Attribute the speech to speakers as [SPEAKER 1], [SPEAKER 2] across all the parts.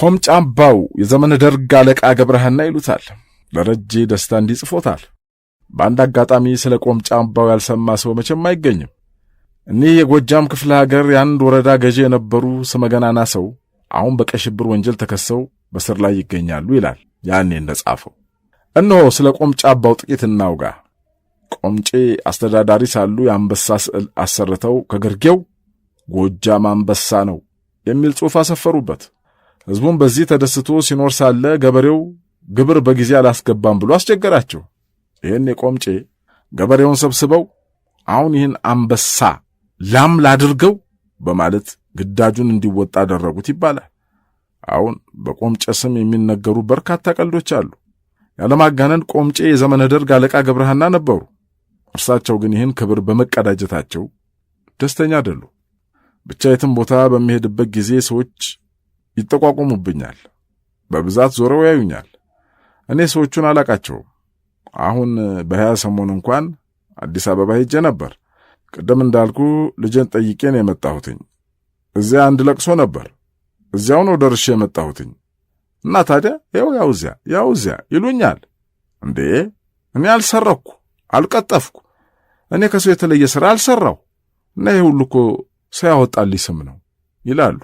[SPEAKER 1] ኮምጫምባው የዘመነ ደርግ አለቃ ገብረሃና ይሉታል። ለረጄ ደስታ እንዲህ ጽፎታል። በአንድ አጋጣሚ ስለ ጫባው ያልሰማ ሰው መቼም አይገኝም። እኒህ የጎጃም ክፍለ ሀገር የአንድ ወረዳ ገዢ የነበሩ ስመገናና ሰው አሁን በቀይ ሽብር ወንጀል ተከሰው በስር ላይ ይገኛሉ ይላል ያኔ እንደጻፈው። እነሆ ስለ ቆምጫምባው ጥቂት እናውጋ። ቆምጬ አስተዳዳሪ ሳሉ የአንበሳ ስዕል አሰርተው ከግርጌው ጎጃም አንበሳ ነው የሚል ጽሑፍ አሰፈሩበት። ሕዝቡም በዚህ ተደስቶ ሲኖር ሳለ ገበሬው ግብር በጊዜ አላስገባም ብሎ አስቸገራቸው። ይህን የቆምጬ ገበሬውን ሰብስበው አሁን ይህን አንበሳ ላም ላድርገው በማለት ግዳጁን እንዲወጣ አደረጉት ይባላል። አሁን በቆምጨ ስም የሚነገሩ በርካታ ቀልዶች አሉ። ያለማጋነን ቆምጬ የዘመነ ደርግ አለቃ ገብረሃና ነበሩ። እርሳቸው ግን ይህን ክብር በመቀዳጀታቸው ደስተኛ አይደሉ። ብቻ የትም ቦታ በሚሄድበት ጊዜ ሰዎች ይጠቋቁሙብኛል። በብዛት ዞረው ያዩኛል። እኔ ሰዎቹን አላቃቸውም። አሁን በሀያ ሰሞን እንኳን አዲስ አበባ ሄጄ ነበር። ቅድም እንዳልኩ ልጄን ጠይቄን የመጣሁትኝ እዚያ አንድ ለቅሶ ነበር። እዚያው ነው ደርሼ የመጣሁትኝ እና ታዲያ ያው ያው እዚያ ያው እዚያ ይሉኛል። እንዴ እኔ አልሰረኩ አልቀጠፍኩ። እኔ ከሰው የተለየ ሥራ አልሰራው እና ይህ ሁሉ እኮ ሰው ያወጣልኝ ስም ነው ይላሉ።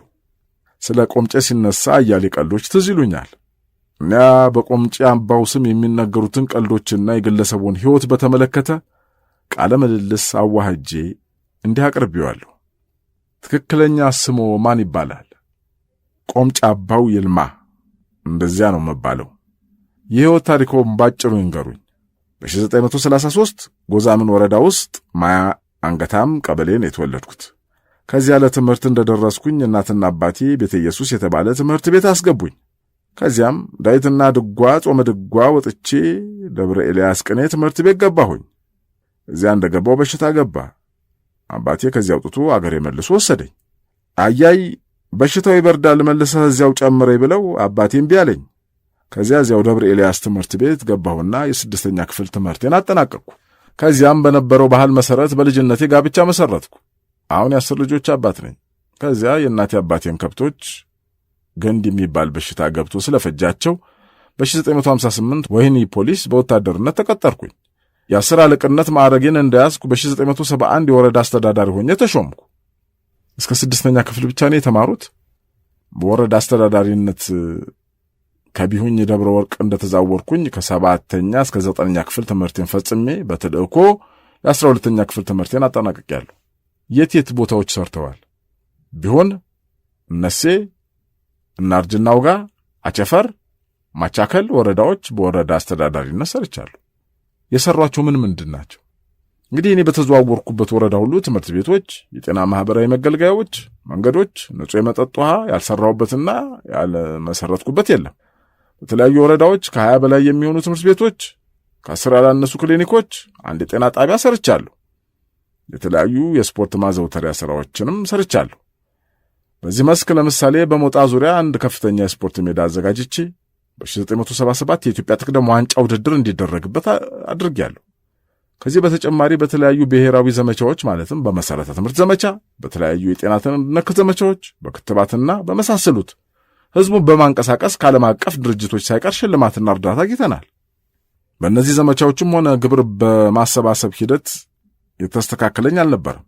[SPEAKER 1] ስለ ቆምጬ ሲነሳ አያሌ ቀልዶች ትዝ ይሉኛል። እኒያ በቆምጬ አምባው ስም የሚነገሩትን ቀልዶችና የግለሰቡን ሕይወት በተመለከተ ቃለ ምልልስ አዋህጄ እንዲህ አቅርቤዋለሁ። ትክክለኛ ስሞ ማን ይባላል? ቆምጬ አምባው ይልማ፣ እንደዚያ ነው መባለው። የሕይወት ታሪኮም ባጭሩ ይንገሩኝ። በ1933 ጎዛምን ወረዳ ውስጥ ማያ አንገታም ቀበሌን የተወለድኩት ከዚያ ለትምህርት እንደደረስኩኝ እናትና አባቴ ቤተ ኢየሱስ የተባለ ትምህርት ቤት አስገቡኝ። ከዚያም ዳዊትና ድጓ፣ ጾመ ድጓ ወጥቼ ደብረ ኤልያስ ቅኔ ትምህርት ቤት ገባሁኝ። እዚያ እንደገባው በሽታ ገባ። አባቴ ከዚያ አውጥቶ አገሬ መልሶ ወሰደኝ። አያይ በሽታው ይበርዳል፣ መልሰህ እዚያው ጨምሬ ብለው አባቴ እምቢ አለኝ። ከዚያ እዚያው ደብረ ኤልያስ ትምህርት ቤት ገባሁና የስድስተኛ ክፍል ትምህርቴን አጠናቀቅኩ። ከዚያም በነበረው ባህል መሰረት በልጅነቴ ጋብቻ መሰረትኩ። አሁን የአስር ልጆች አባት ነኝ። ከዚያ የእናቴ አባቴን ከብቶች ገንድ የሚባል በሽታ ገብቶ ስለፈጃቸው በ1958 ወህኒ ፖሊስ በወታደርነት ተቀጠርኩኝ። የአስር አለቅነት ማዕረጌን እንደያዝኩ በ1971 የወረዳ አስተዳዳሪ ሆኜ ተሾምኩ። እስከ ስድስተኛ ክፍል ብቻ ነው የተማሩት። በወረዳ አስተዳዳሪነት ከቢሁኝ ደብረ ወርቅ እንደተዛወርኩኝ ከሰባተኛ እስከ ዘጠነኛ ክፍል ትምህርቴን ፈጽሜ በተልእኮ የአስራ ሁለተኛ ክፍል ትምህርቴን አጠናቅቄያለሁ። የት የት ቦታዎች ሰርተዋል ቢሆን እነሴ እናርጅናው እናውጋ አቸፈር ማቻከል ወረዳዎች በወረዳ አስተዳዳሪነት ሰርቻለሁ የሰሯቸው ምን ምንድን ናቸው እንግዲህ እኔ በተዘዋወርኩበት ወረዳ ሁሉ ትምህርት ቤቶች የጤና ማህበራዊ መገልገያዎች መንገዶች ንጹህ የመጠጥ ውሃ ያልሰራሁበትና ያልመሰረትኩበት የለም በተለያዩ ወረዳዎች ከሀያ በላይ የሚሆኑ ትምህርት ቤቶች ከአስር ያላነሱ ክሊኒኮች አንድ የጤና ጣቢያ ሰርቻለሁ የተለያዩ የስፖርት ማዘውተሪያ ሥራዎችንም ሰርቻለሁ። በዚህ መስክ ለምሳሌ በሞጣ ዙሪያ አንድ ከፍተኛ የስፖርት ሜዳ አዘጋጅቼ በ1977 የኢትዮጵያ ጥቅደም ዋንጫ ውድድር እንዲደረግበት አድርጌያለሁ። ከዚህ በተጨማሪ በተለያዩ ብሔራዊ ዘመቻዎች ማለትም በመሠረተ ትምህርት ዘመቻ፣ በተለያዩ የጤና ነክ ዘመቻዎች፣ በክትባትና በመሳሰሉት ሕዝቡን በማንቀሳቀስ ከዓለም አቀፍ ድርጅቶች ሳይቀር ሽልማትና እርዳታ አግኝተናል። በእነዚህ ዘመቻዎችም ሆነ ግብር በማሰባሰብ ሂደት የተስተካከለኝ አልነበርም።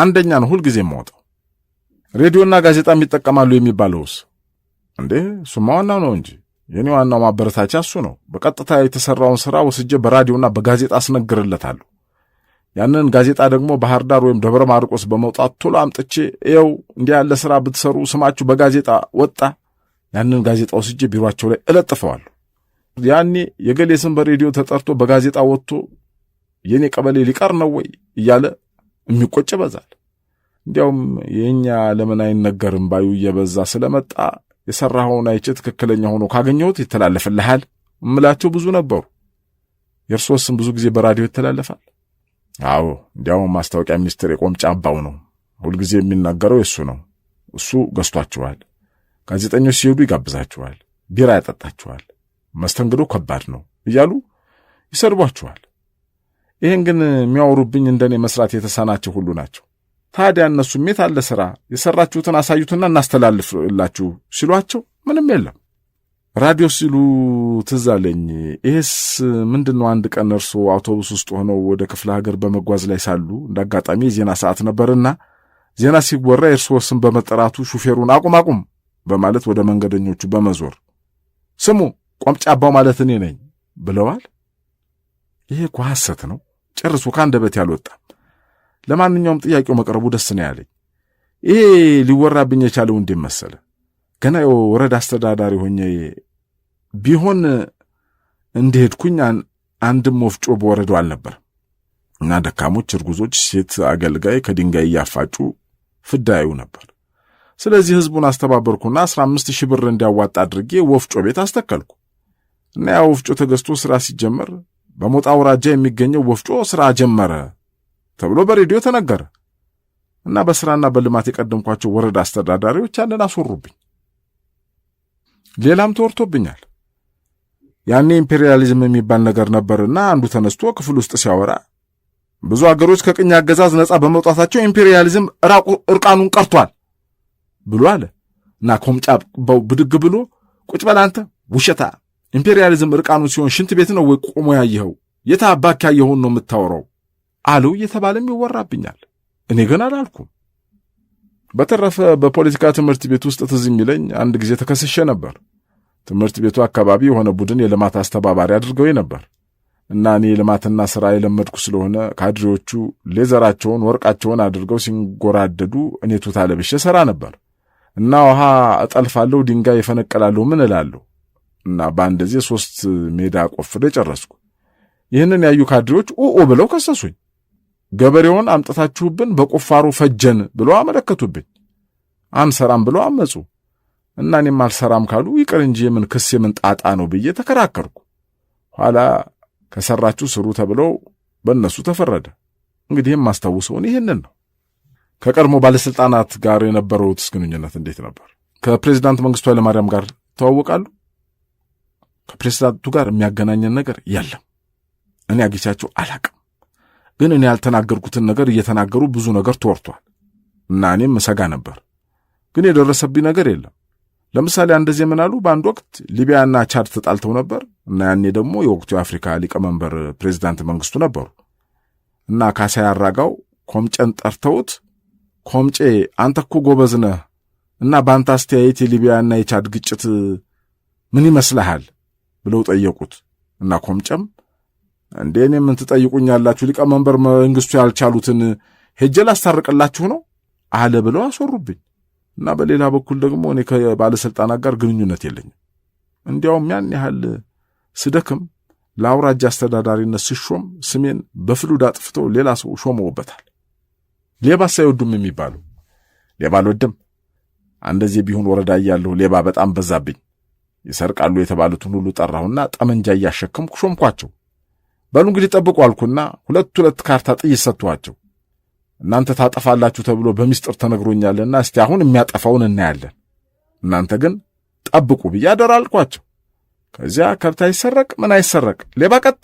[SPEAKER 1] አንደኛ ነው ሁልጊዜም የማወጣው። ሬዲዮና ጋዜጣም ይጠቀማሉ የሚባለውስ እንዴ? እሱማ ዋናው ነው እንጂ የኔ ዋናው ማበረታቻ እሱ ነው። በቀጥታ የተሰራውን ስራ ወስጄ በራዲዮና በጋዜጣ አስነግርለታለሁ። ያንን ጋዜጣ ደግሞ ባህር ዳር ወይም ደብረ ማርቆስ በመውጣት ቶሎ አምጥቼ ይኸው እንዲህ ያለ ስራ ብትሰሩ ስማችሁ በጋዜጣ ወጣ። ያንን ጋዜጣ ወስጄ ቢሯቸው ላይ እለጥፈዋለሁ። ያኔ የገሌ ስም በሬዲዮ ተጠርቶ በጋዜጣ ወጥቶ የኔ ቀበሌ ሊቀር ነው ወይ እያለ የሚቆጭ ይበዛል። እንዲያውም የኛ ለምን አይነገርም ባዩ እየበዛ ስለመጣ የሰራኸውን አይቼ ትክክለኛ ሆኖ ካገኘሁት ይተላለፍልሃል እምላቸው ብዙ ነበሩ። የእርሶስም ብዙ ጊዜ በራዲዮ ይተላለፋል? አዎ፣ እንዲያውም ማስታወቂያ ሚኒስትር የቆምጫ አባው ነው። ሁልጊዜ የሚናገረው የእሱ ነው። እሱ ገዝቷችኋል። ጋዜጠኞች ሲሄዱ ይጋብዛችኋል፣ ቢራ ያጠጣችኋል፣ መስተንግዶ ከባድ ነው እያሉ ይሰድቧችኋል። ይህን ግን የሚያወሩብኝ እንደኔ መስራት የተሳናቸው ሁሉ ናቸው። ታዲያ እነሱ ሜት አለ ስራ የሰራችሁትን አሳዩትና እናስተላልፍላችሁ ሲሏቸው ምንም የለም ራዲዮ ሲሉ ትዝ አለኝ። ይሄስ ምንድን ነው? አንድ ቀን እርሶ አውቶቡስ ውስጥ ሆነው ወደ ክፍለ ሀገር በመጓዝ ላይ ሳሉ እንደ አጋጣሚ የዜና ሰዓት ነበርና ዜና ሲወራ የእርስዎ ስም በመጠራቱ ሹፌሩን አቁም አቁም በማለት ወደ መንገደኞቹ በመዞር ስሙ ቆምጫባው ማለት እኔ ነኝ ብለዋል። ይሄ እኮ ሐሰት ነው። ጨርሶ በት ያልወጣ። ለማንኛውም ጥያቄው መቅረቡ ደስ ነው ያለኝ። ይሄ ሊወራብኝ የቻለው እንዴ መሰለ? ገና የወረዳ አስተዳዳሪ ሆኜ ቢሆን እንደሄድኩኝ አንድም ወፍጮ በወረዳው አልነበርም እና ደካሞች እርጉዞች፣ ሴት አገልጋይ ከድንጋይ እያፋጩ ፍዳዩ ነበር። ስለዚህ ህዝቡን አስተባበርኩና አስራ አምስት ሺህ ብር እንዲያዋጣ አድርጌ ወፍጮ ቤት አስተከልኩ እና ያ ወፍጮ ተገዝቶ ስራ ሲጀመር በሞጣ አውራጃ የሚገኘው ወፍጮ ሥራ ጀመረ ተብሎ በሬዲዮ ተነገረ እና በሥራና በልማት የቀደምኳቸው ወረዳ አስተዳዳሪዎች ያንን አስወሩብኝ። ሌላም ተወርቶብኛል። ያኔ ኢምፔሪያሊዝም የሚባል ነገር ነበርና አንዱ ተነስቶ ክፍል ውስጥ ሲያወራ ብዙ አገሮች ከቅኝ አገዛዝ ነጻ በመውጣታቸው ኢምፔሪያሊዝም እርቃኑን ቀርቷል ብሎ አለ እና ኮምጫ ብድግ ብሎ ቁጭ በል አንተ ውሸታ ኢምፔሪያሊዝም እርቃኑ ሲሆን ሽንት ቤት ነው ወይ ቆሞ ያየኸው? የታ አባኪያ የሆን ነው የምታወራው አሉ እየተባለም ይወራብኛል። እኔ ግን አላልኩም። በተረፈ በፖለቲካ ትምህርት ቤት ውስጥ ትዝ የሚለኝ አንድ ጊዜ ተከስሼ ነበር። ትምህርት ቤቱ አካባቢ የሆነ ቡድን የልማት አስተባባሪ አድርገው ነበር እና እኔ ልማትና ሥራ የለመድኩ ስለሆነ ካድሬዎቹ ሌዘራቸውን ወርቃቸውን አድርገው ሲንጎራደዱ እኔ ቱታ ለብሼ ሠራ ነበር እና ውሃ እጠልፋለሁ፣ ድንጋይ ይፈነቀላለሁ፣ ምን እላለሁ እና በአንድ ሶስት ሜዳ ቆፍሬ ጨረስኩ። ይህንን ያዩ ካድሬዎች ኦኦ ብለው ከሰሱኝ። ገበሬውን አምጥታችሁብን በቁፋሮ ፈጀን ብለው አመለከቱብኝ። አንሰራም ብለው አመፁ እና እኔም አልሰራም ካሉ ይቅር እንጂ የምን ክስ የምን ጣጣ ነው ብዬ ተከራከርኩ። ኋላ ከሰራችሁ ስሩ ተብለው በእነሱ ተፈረደ። እንግዲህ የማስታውሰውን ይህንን ነው። ከቀድሞ ባለስልጣናት ጋር የነበረውትስ ግንኙነት እንዴት ነበር? ከፕሬዚዳንት መንግስቱ ኃይለማርያም ጋር ይተዋወቃሉ? ከፕሬዚዳንቱ ጋር የሚያገናኘን ነገር የለም። እኔ አግኝቻቸው አላቅም። ግን እኔ ያልተናገርኩትን ነገር እየተናገሩ ብዙ ነገር ተወርቷል እና እኔም እሰጋ ነበር። ግን የደረሰብኝ ነገር የለም። ለምሳሌ እንደዚህ ምን አሉ? በአንድ ወቅት ሊቢያና ቻድ ተጣልተው ነበር እና ያኔ ደግሞ የወቅቱ የአፍሪካ ሊቀመንበር ፕሬዚዳንት መንግስቱ ነበሩ እና ካሳይ አራጋው ኮምጨን ጠርተውት ኮምጬ አንተ እኮ ጎበዝ ነህ እና በአንተ አስተያየት የሊቢያና የቻድ ግጭት ምን ይመስልሃል ብለው ጠየቁት እና ኮምጨም እንዴ እኔ ምን ትጠይቁኛላችሁ? ሊቀመንበር መንግስቱ ያልቻሉትን ሄጀ ላስታርቅላችሁ ነው አለ ብለው አስወሩብኝ። እና በሌላ በኩል ደግሞ እኔ ከባለሥልጣናት ጋር ግንኙነት የለኝም። እንዲያውም ያን ያህል ስደክም ለአውራጃ አስተዳዳሪነት ስሾም ስሜን በፍሉድ አጥፍተው ሌላ ሰው ሾመውበታል። ሌባ ሳይወዱም የሚባሉ ሌባ አልወድም። አንደዚህ ቢሆን ወረዳ እያለሁ ሌባ በጣም በዛብኝ። ይሰርቃሉ የተባሉትን ሁሉ ጠራሁና ጠመንጃ እያሸከምኩ ሾምኳቸው። በሉ እንግዲህ ጠብቁ አልኩና ሁለት ሁለት ካርታ ጥይት ሰጥኋቸው። እናንተ ታጠፋላችሁ ተብሎ በሚስጥር ተነግሮኛልና እስቲ አሁን የሚያጠፋውን እናያለን። እናንተ ግን ጠብቁ ብዬ አደራ አልኳቸው። ከዚያ ከብት አይሰረቅ ምን አይሰረቅ ሌባ ቀጥ።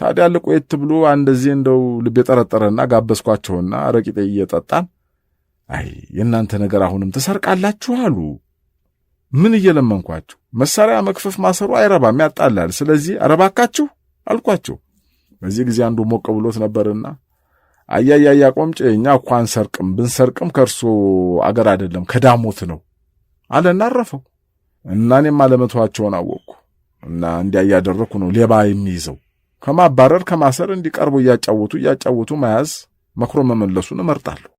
[SPEAKER 1] ታዲያ ልቆየት ብሎ አንደዚህ እንደው ልብ የጠረጠረና ጋበዝኳቸውና ረቂጤ እየጠጣን አይ የእናንተ ነገር አሁንም ትሰርቃላችሁ አሉ። ምን እየለመንኳችሁ መሳሪያ መክፈፍ ማሰሩ አይረባም፣ ያጣላል። ስለዚህ አረባካችሁ አልኳቸው። በዚህ ጊዜ አንዱ ሞቅ ብሎት ነበርና አያያያ ቆምጬ፣ እኛ እኮ አንሰርቅም፣ ብንሰርቅም ከእርሶ አገር አይደለም ከዳሞት ነው አለና አረፈው እና እኔም አለመተዋቸውን አወቅኩ እና እንዲያ እያደረግኩ ነው ሌባ የሚይዘው ከማባረር ከማሰር እንዲቀርቡ እያጫወቱ እያጫወቱ መያዝ መክሮ መመለሱን እመርጣለሁ።